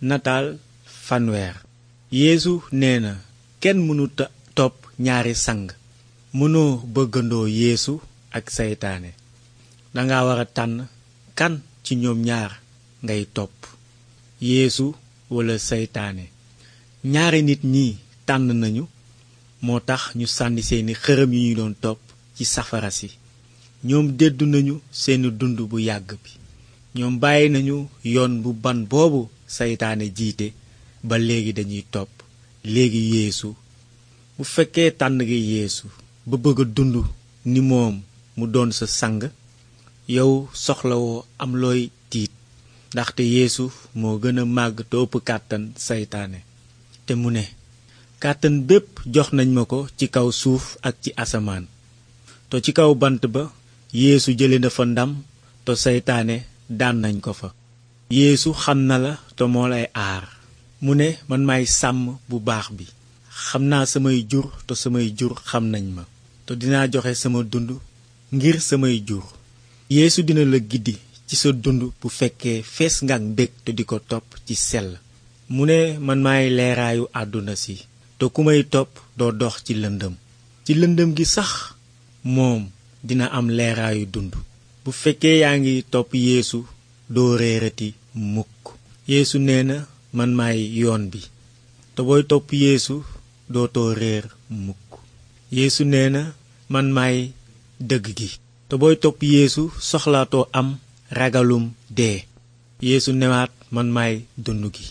nataal fanweer yéesu neena na kenn mënuta topp ñaari sang mënoo bëggandoo yéesu ak seytaane danga war a tànn kan ci ñoom ñaar ngay topp yéesu wala seytaane ñaari nit ñi tànn nañu moo tax ñu sànni seeni xërëm yi ñu doon topp ci safara si ñoom déddu nañu seeni dund bu yàgg bi ñoom bàyyi nañu yoon bu ban boobu seytaane jiite ba léegi dañuy topp léegi yéesu bu fekkee tànn gi yéesu ba bëgg a dund ni moom mu doon sa sang yow soxlawoo am looy tiit ndaxte yeesu moo gën a màgg te ëpp kàttan saytaane te mu ne kàttan bépp jox nañ ma ko ci kaw suuf ak ci asamaan te ci kaw bant ba yéesu jële na fa ndam te seytaane daan nañ ko fa yéesu xam na la te moo lay aar mu ne man maay sàmm bu baax bi xam naa samay jur te samay jur xam nañ ma te dinaa joxe sama dund ngir samay jur yéesu dina la giddi ci sa dund bu fekkee fees nga ak te di ko topp ci sell mu ne man maay leeraayu àdduna si te ku may topp doo dox ci lëndëm ci lëndëm gi sax moom dina am leeraayu dund bu fekkee yaa ngi topp yeesu doo mukk yeesu nee na yoon bi te booy topp yéesu dootoo réer mukk yeesu nee na man dëgg gi te booy topp yeesu soxlaatoo am ragalum dee yéesu newaat man maay dund gi